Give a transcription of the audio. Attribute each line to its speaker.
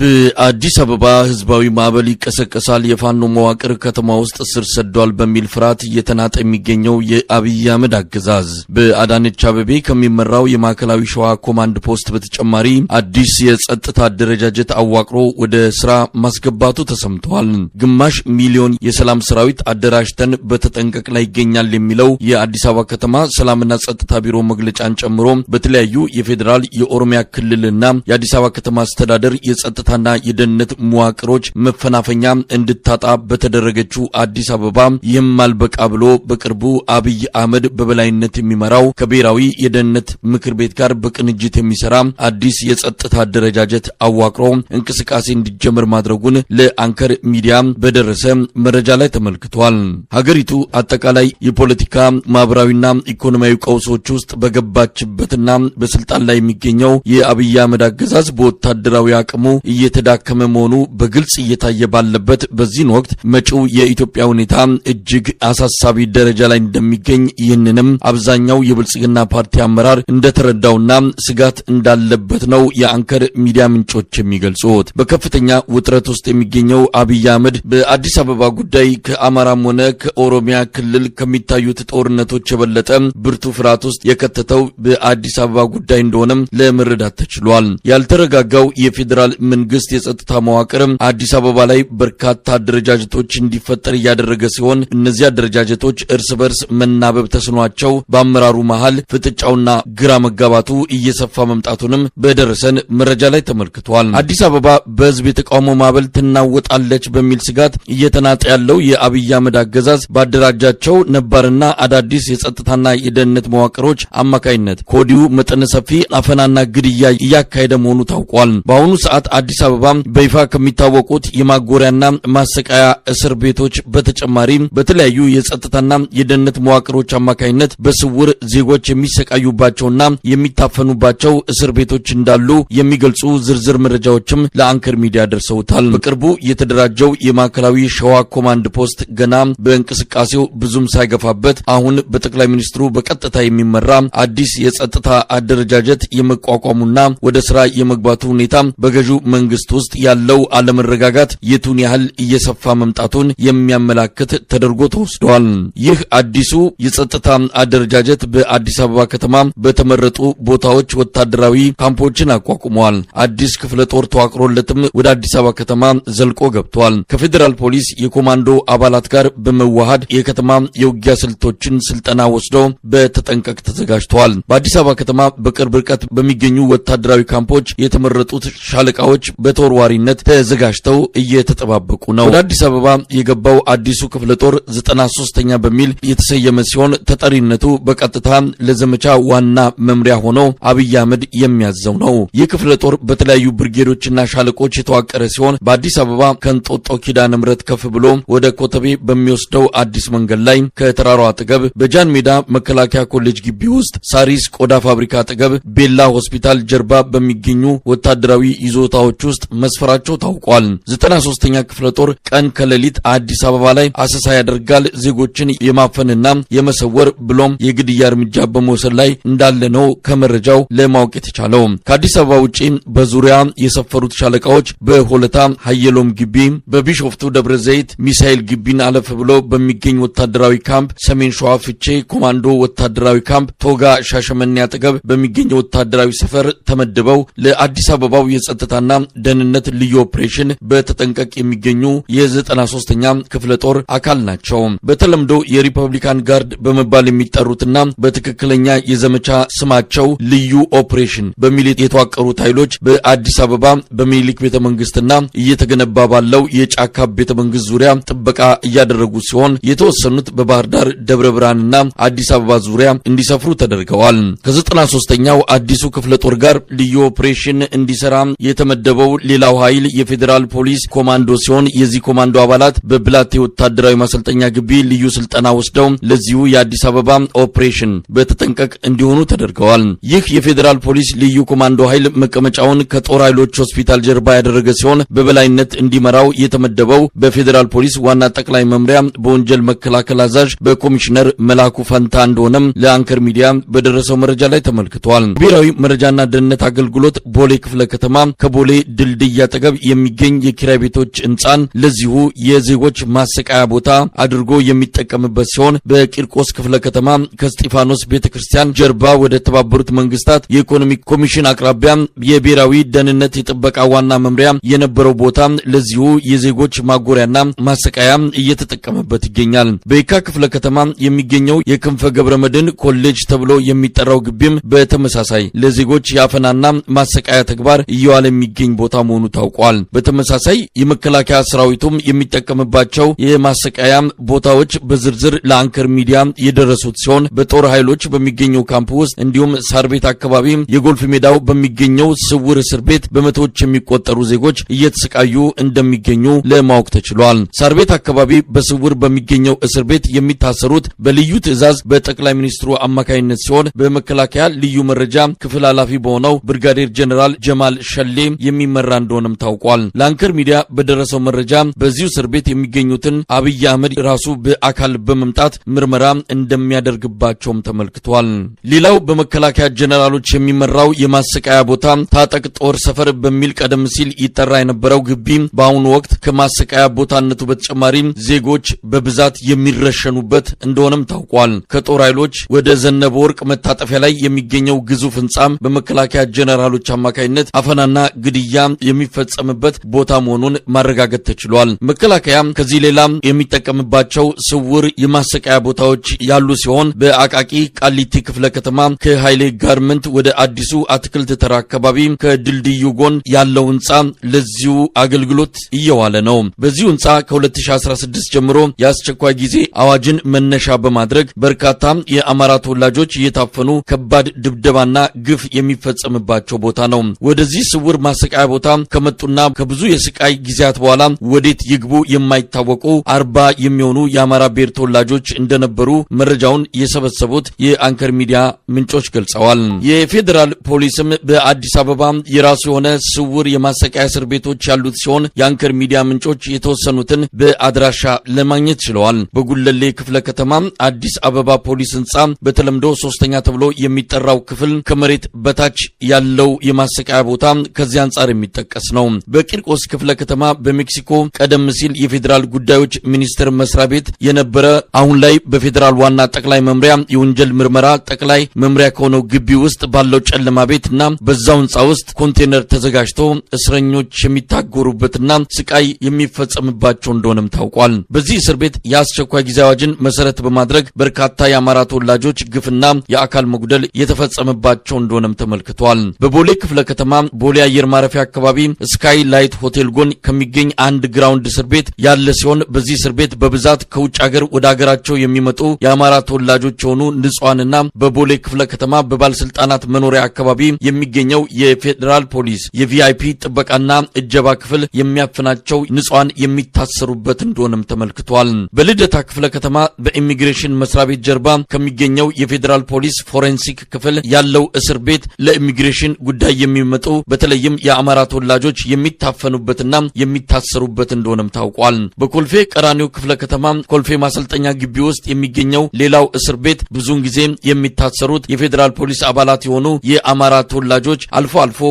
Speaker 1: በአዲስ አበባ ህዝባዊ ማዕበል ይቀሰቀሳል፣ የፋኖ መዋቅር ከተማ ውስጥ ስር ሰዷል በሚል ፍርሃት እየተናጠ የሚገኘው የአብይ አህመድ አገዛዝ በአዳነች አበቤ ከሚመራው የማዕከላዊ ሸዋ ኮማንድ ፖስት በተጨማሪ አዲስ የጸጥታ አደረጃጀት አዋቅሮ ወደ ስራ ማስገባቱ ተሰምተዋል። ግማሽ ሚሊዮን የሰላም ሰራዊት አደራጅተን በተጠንቀቅ ላይ ይገኛል የሚለው የአዲስ አበባ ከተማ ሰላምና ጸጥታ ቢሮ መግለጫን ጨምሮ በተለያዩ የፌዴራል የኦሮሚያ ክልልና የአዲስ አበባ ከተማ አስተዳደር የጸጥታ የጸጥታና የደህንነት መዋቅሮች መፈናፈኛ እንድታጣ በተደረገችው አዲስ አበባ ይህም አልበቃ ብሎ በቅርቡ አብይ አህመድ በበላይነት የሚመራው ከብሔራዊ የደህንነት ምክር ቤት ጋር በቅንጅት የሚሰራ አዲስ የጸጥታ አደረጃጀት አዋቅሮ እንቅስቃሴ እንዲጀምር ማድረጉን ለአንከር ሚዲያ በደረሰ መረጃ ላይ ተመልክቷል። ሀገሪቱ አጠቃላይ የፖለቲካ ማህበራዊና ኢኮኖሚያዊ ቀውሶች ውስጥ በገባችበትና በስልጣን ላይ የሚገኘው የአብይ አህመድ አገዛዝ በወታደራዊ አቅሙ እየተዳከመ መሆኑ በግልጽ እየታየ ባለበት በዚህን ወቅት መጪው የኢትዮጵያ ሁኔታ እጅግ አሳሳቢ ደረጃ ላይ እንደሚገኝ ይህንንም አብዛኛው የብልጽግና ፓርቲ አመራር እንደተረዳውና ስጋት እንዳለበት ነው የአንከር ሚዲያ ምንጮች የሚገልጹት። በከፍተኛ ውጥረት ውስጥ የሚገኘው አብይ አህመድ በአዲስ አበባ ጉዳይ ከአማራም ሆነ ከኦሮሚያ ክልል ከሚታዩት ጦርነቶች የበለጠ ብርቱ ፍርሃት ውስጥ የከተተው በአዲስ አበባ ጉዳይ እንደሆነም ለመረዳት ተችሏል። ያልተረጋጋው የፌዴራል ምን መንግስት የጸጥታ መዋቅርም አዲስ አበባ ላይ በርካታ አደረጃጀቶች እንዲፈጠር እያደረገ ሲሆን እነዚህ አደረጃጀቶች እርስ በርስ መናበብ ተስኗቸው በአመራሩ መሃል ፍጥጫውና ግራ መጋባቱ እየሰፋ መምጣቱንም በደረሰን መረጃ ላይ ተመልክቷል። አዲስ አበባ በህዝብ የተቃውሞ ማዕበል ትናወጣለች በሚል ስጋት እየተናጠ ያለው የአብይ አህመድ አገዛዝ ባደራጃቸው ነባርና አዳዲስ የጸጥታና የደህንነት መዋቅሮች አማካይነት ከወዲሁ መጠነ ሰፊ አፈናና ግድያ እያካሄደ መሆኑ ታውቋል። በአሁኑ ሰዓት በአዲስ አበባ በይፋ ከሚታወቁት የማጎሪያና ማሰቃያ እስር ቤቶች በተጨማሪ በተለያዩ የጸጥታና የደህንነት መዋቅሮች አማካኝነት በስውር ዜጎች የሚሰቃዩባቸውና የሚታፈኑባቸው እስር ቤቶች እንዳሉ የሚገልጹ ዝርዝር መረጃዎችም ለአንከር ሚዲያ ደርሰውታል። በቅርቡ የተደራጀው የማዕከላዊ ሸዋ ኮማንድ ፖስት ገና በእንቅስቃሴው ብዙም ሳይገፋበት አሁን በጠቅላይ ሚኒስትሩ በቀጥታ የሚመራ አዲስ የጸጥታ አደረጃጀት የመቋቋሙና ወደ ስራ የመግባቱ ሁኔታ በገዢው መንግስት ውስጥ ያለው አለመረጋጋት የቱን ያህል እየሰፋ መምጣቱን የሚያመላክት ተደርጎ ተወስደዋል። ይህ አዲሱ የጸጥታ አደረጃጀት በአዲስ አበባ ከተማ በተመረጡ ቦታዎች ወታደራዊ ካምፖችን አቋቁመዋል። አዲስ ክፍለ ጦር ተዋቅሮለትም ወደ አዲስ አበባ ከተማ ዘልቆ ገብቷል። ከፌዴራል ፖሊስ የኮማንዶ አባላት ጋር በመዋሃድ የከተማ የውጊያ ስልቶችን ስልጠና ወስደው በተጠንቀቅ ተዘጋጅተዋል። በአዲስ አበባ ከተማ በቅርብ ርቀት በሚገኙ ወታደራዊ ካምፖች የተመረጡት ሻለቃዎች በተወርዋሪነት ተዘጋጅተው እየተጠባበቁ ነው። ወደ አዲስ አበባ የገባው አዲሱ ክፍለ ጦር ዘጠና ሶስተኛ በሚል የተሰየመ ሲሆን ተጠሪነቱ በቀጥታ ለዘመቻ ዋና መምሪያ ሆኖ አብይ አህመድ የሚያዘው ነው። ይህ ክፍለ ጦር በተለያዩ ብርጌዶችና ሻለቆች የተዋቀረ ሲሆን በአዲስ አበባ ከንጦጦ ኪዳነ ምሕረት ከፍ ብሎ ወደ ኮተቤ በሚወስደው አዲስ መንገድ ላይ ከተራራው አጠገብ በጃን ሜዳ መከላከያ ኮሌጅ ግቢ ውስጥ ሳሪስ ቆዳ ፋብሪካ አጠገብ ቤላ ሆስፒታል ጀርባ በሚገኙ ወታደራዊ ይዞታዎች ከተሞች ውስጥ መስፈራቸው ታውቋል። ዘጠና ሶስተኛ ክፍለ ጦር ቀን ከሌሊት አዲስ አበባ ላይ አሰሳ ያደርጋል። ዜጎችን የማፈንና የመሰወር ብሎም የግድያ እርምጃ በመውሰድ ላይ እንዳለ ነው ከመረጃው ለማወቅ የተቻለው። ከአዲስ አበባ ውጪ በዙሪያ የሰፈሩት ሻለቃዎች በሆለታ ሀየሎም ግቢ፣ በቢሾፍቱ ደብረ ዘይት ሚሳኤል ግቢን አለፍ ብሎ በሚገኝ ወታደራዊ ካምፕ፣ ሰሜን ሸዋ ፍቼ ኮማንዶ ወታደራዊ ካምፕ፣ ቶጋ ሻሸመኔ አጠገብ በሚገኝ ወታደራዊ ሰፈር ተመድበው ለአዲስ አበባው የጸጥታና ደህንነት ልዩ ኦፕሬሽን በተጠንቀቅ የሚገኙ የዘጠና ሶስተኛ ክፍለ ጦር አካል ናቸው። በተለምዶ የሪፐብሊካን ጋርድ በመባል የሚጠሩትና በትክክለኛ የዘመቻ ስማቸው ልዩ ኦፕሬሽን በሚል የተዋቀሩት ኃይሎች በአዲስ አበባ በሚኒሊክ ቤተ መንግስትና እየተገነባ ባለው የጫካ ቤተ መንግስት ዙሪያ ጥበቃ እያደረጉ ሲሆን የተወሰኑት በባህር ዳር ደብረ ብርሃንና አዲስ አበባ ዙሪያ እንዲሰፍሩ ተደርገዋል። 93 ሶስተኛው አዲሱ ክፍለ ጦር ጋር ልዩ ኦፕሬሽን እንዲሰራ የተመደበው የተመደበው ሌላው ኃይል የፌዴራል ፖሊስ ኮማንዶ ሲሆን የዚህ ኮማንዶ አባላት በብላቴ ወታደራዊ ማሰልጠኛ ግቢ ልዩ ስልጠና ወስደው ለዚሁ የአዲስ አበባ ኦፕሬሽን በተጠንቀቅ እንዲሆኑ ተደርገዋል። ይህ የፌዴራል ፖሊስ ልዩ ኮማንዶ ኃይል መቀመጫውን ከጦር ኃይሎች ሆስፒታል ጀርባ ያደረገ ሲሆን በበላይነት እንዲመራው የተመደበው በፌዴራል ፖሊስ ዋና ጠቅላይ መምሪያ በወንጀል መከላከል አዛዥ በኮሚሽነር መላኩ ፈንታ እንደሆነም ለአንከር ሚዲያ በደረሰው መረጃ ላይ ተመልክቷል። ብሔራዊ መረጃና ደህንነት አገልግሎት ቦሌ ክፍለ ከተማ ከቦሌ ድልድይ አጠገብ የሚገኝ የኪራይ ቤቶች ህንፃን ለዚሁ የዜጎች ማሰቃያ ቦታ አድርጎ የሚጠቀምበት ሲሆን በቂርቆስ ክፍለ ከተማ ከስጢፋኖስ ቤተ ክርስቲያን ጀርባ ወደ ተባበሩት መንግስታት የኢኮኖሚ ኮሚሽን አቅራቢያ የብሔራዊ ደህንነት የጥበቃ ዋና መምሪያ የነበረው ቦታ ለዚሁ የዜጎች ማጎሪያና ማሰቃያ እየተጠቀመበት ይገኛል። በየካ ክፍለ ከተማ የሚገኘው የክንፈ ገብረ መድን ኮሌጅ ተብሎ የሚጠራው ግቢም በተመሳሳይ ለዜጎች የአፈናና ማሰቃያ ተግባር እየዋለ የሚገኝ የሚገኝ ቦታ መሆኑ ታውቋል። በተመሳሳይ የመከላከያ ሰራዊቱም የሚጠቀምባቸው የማሰቃያ ቦታዎች በዝርዝር ለአንከር ሚዲያ የደረሱት ሲሆን በጦር ኃይሎች በሚገኘው ካምፕ ውስጥ እንዲሁም ሳር ቤት አካባቢ የጎልፍ ሜዳው በሚገኘው ስውር እስር ቤት በመቶዎች የሚቆጠሩ ዜጎች እየተሰቃዩ እንደሚገኙ ለማወቅ ተችሏል። ሳር ቤት አካባቢ በስውር በሚገኘው እስር ቤት የሚታሰሩት በልዩ ትዕዛዝ በጠቅላይ ሚኒስትሩ አማካኝነት ሲሆን በመከላከያ ልዩ መረጃ ክፍል ኃላፊ በሆነው ብርጋዴር ጀኔራል ጀማል ሸሌ የሚመራ እንደሆነም ታውቋል። ለአንከር ሚዲያ በደረሰው መረጃ በዚሁ እስር ቤት የሚገኙትን አብይ አህመድ ራሱ በአካል በመምጣት ምርመራ እንደሚያደርግባቸውም ተመልክቷል። ሌላው በመከላከያ ጀነራሎች የሚመራው የማሰቃያ ቦታ ታጠቅ ጦር ሰፈር በሚል ቀደም ሲል ይጠራ የነበረው ግቢ በአሁኑ ወቅት ከማሰቃያ ቦታነቱ በተጨማሪ ዜጎች በብዛት የሚረሸኑበት እንደሆነም ታውቋል። ከጦር ኃይሎች ወደ ዘነበ ወርቅ መታጠፊያ ላይ የሚገኘው ግዙፍ ህንጻም በመከላከያ ጀነራሎች አማካኝነት አፈናና ግድያ ግድያ የሚፈጸምበት ቦታ መሆኑን ማረጋገጥ ተችሏል። መከላከያ ከዚህ ሌላ የሚጠቀምባቸው ስውር የማሰቃያ ቦታዎች ያሉ ሲሆን በአቃቂ ቃሊቲ ክፍለ ከተማ ከኃይሌ ጋርመንት ወደ አዲሱ አትክልት ተራ አካባቢ ከድልድዩ ጎን ያለው ህንፃ ለዚሁ አገልግሎት እየዋለ ነው። በዚሁ ህንፃ ከ2016 ጀምሮ የአስቸኳይ ጊዜ አዋጅን መነሻ በማድረግ በርካታ የአማራ ተወላጆች እየታፈኑ ከባድ ድብደባና ግፍ የሚፈጸምባቸው ቦታ ነው። ወደዚህ ስውር ማሰቃያ የስቃይ ቦታ ከመጡና ከብዙ የስቃይ ጊዜያት በኋላ ወዴት ይግቡ የማይታወቁ አርባ የሚሆኑ የአማራ ብሔር ተወላጆች እንደነበሩ መረጃውን የሰበሰቡት የአንከር ሚዲያ ምንጮች ገልጸዋል። የፌዴራል ፖሊስም በአዲስ አበባ የራሱ የሆነ ስውር የማሰቃያ እስር ቤቶች ያሉት ሲሆን የአንከር ሚዲያ ምንጮች የተወሰኑትን በአድራሻ ለማግኘት ችለዋል። በጉለሌ ክፍለ ከተማ አዲስ አበባ ፖሊስ ህንፃ በተለምዶ ሶስተኛ ተብሎ የሚጠራው ክፍል ከመሬት በታች ያለው የማሰቃያ ቦታ ከዚህ አንጻር የሚጠቀስ ነው። በቂርቆስ ክፍለ ከተማ በሜክሲኮ ቀደም ሲል የፌዴራል ጉዳዮች ሚኒስቴር መስሪያ ቤት የነበረ አሁን ላይ በፌዴራል ዋና ጠቅላይ መምሪያ የወንጀል ምርመራ ጠቅላይ መምሪያ ከሆነው ግቢ ውስጥ ባለው ጨለማ ቤት እና በዛው ህንፃ ውስጥ ኮንቴነር ተዘጋጅቶ እስረኞች የሚታጎሩበትና ስቃይ የሚፈጸምባቸው እንደሆነም ታውቋል። በዚህ እስር ቤት የአስቸኳይ ጊዜ አዋጅን መሰረት በማድረግ በርካታ የአማራ ተወላጆች ግፍና የአካል መጉደል የተፈጸመባቸው እንደሆነም ተመልክቷል። በቦሌ ክፍለ ከተማ ቦሌ አየር ማረፊያ አካባቢ ስካይ ላይት ሆቴል ጎን ከሚገኝ አንድ ግራውንድ እስር ቤት ያለ ሲሆን በዚህ እስር ቤት በብዛት ከውጭ ሀገር ወደ ሀገራቸው የሚመጡ የአማራ ተወላጆች የሆኑ ንጹሐንና በቦሌ ክፍለ ከተማ በባለስልጣናት መኖሪያ አካባቢ የሚገኘው የፌዴራል ፖሊስ የቪአይፒ ጥበቃና እጀባ ክፍል የሚያፍናቸው ንጹሐን የሚታሰሩበት እንደሆነም ተመልክቷል። በልደታ ክፍለ ከተማ በኢሚግሬሽን መስሪያ ቤት ጀርባ ከሚገኘው የፌዴራል ፖሊስ ፎሬንሲክ ክፍል ያለው እስር ቤት ለኢሚግሬሽን ጉዳይ የሚመጡ በተለይም የአማ የአማራ ተወላጆች የሚታፈኑበትና የሚታሰሩበት እንደሆነም ታውቋል። በኮልፌ ቀራኒው ክፍለ ከተማ ኮልፌ ማሰልጠኛ ግቢ ውስጥ የሚገኘው ሌላው እስር ቤት ብዙውን ጊዜ የሚታሰሩት የፌዴራል ፖሊስ አባላት የሆኑ የአማራ ተወላጆች አልፎ አልፎ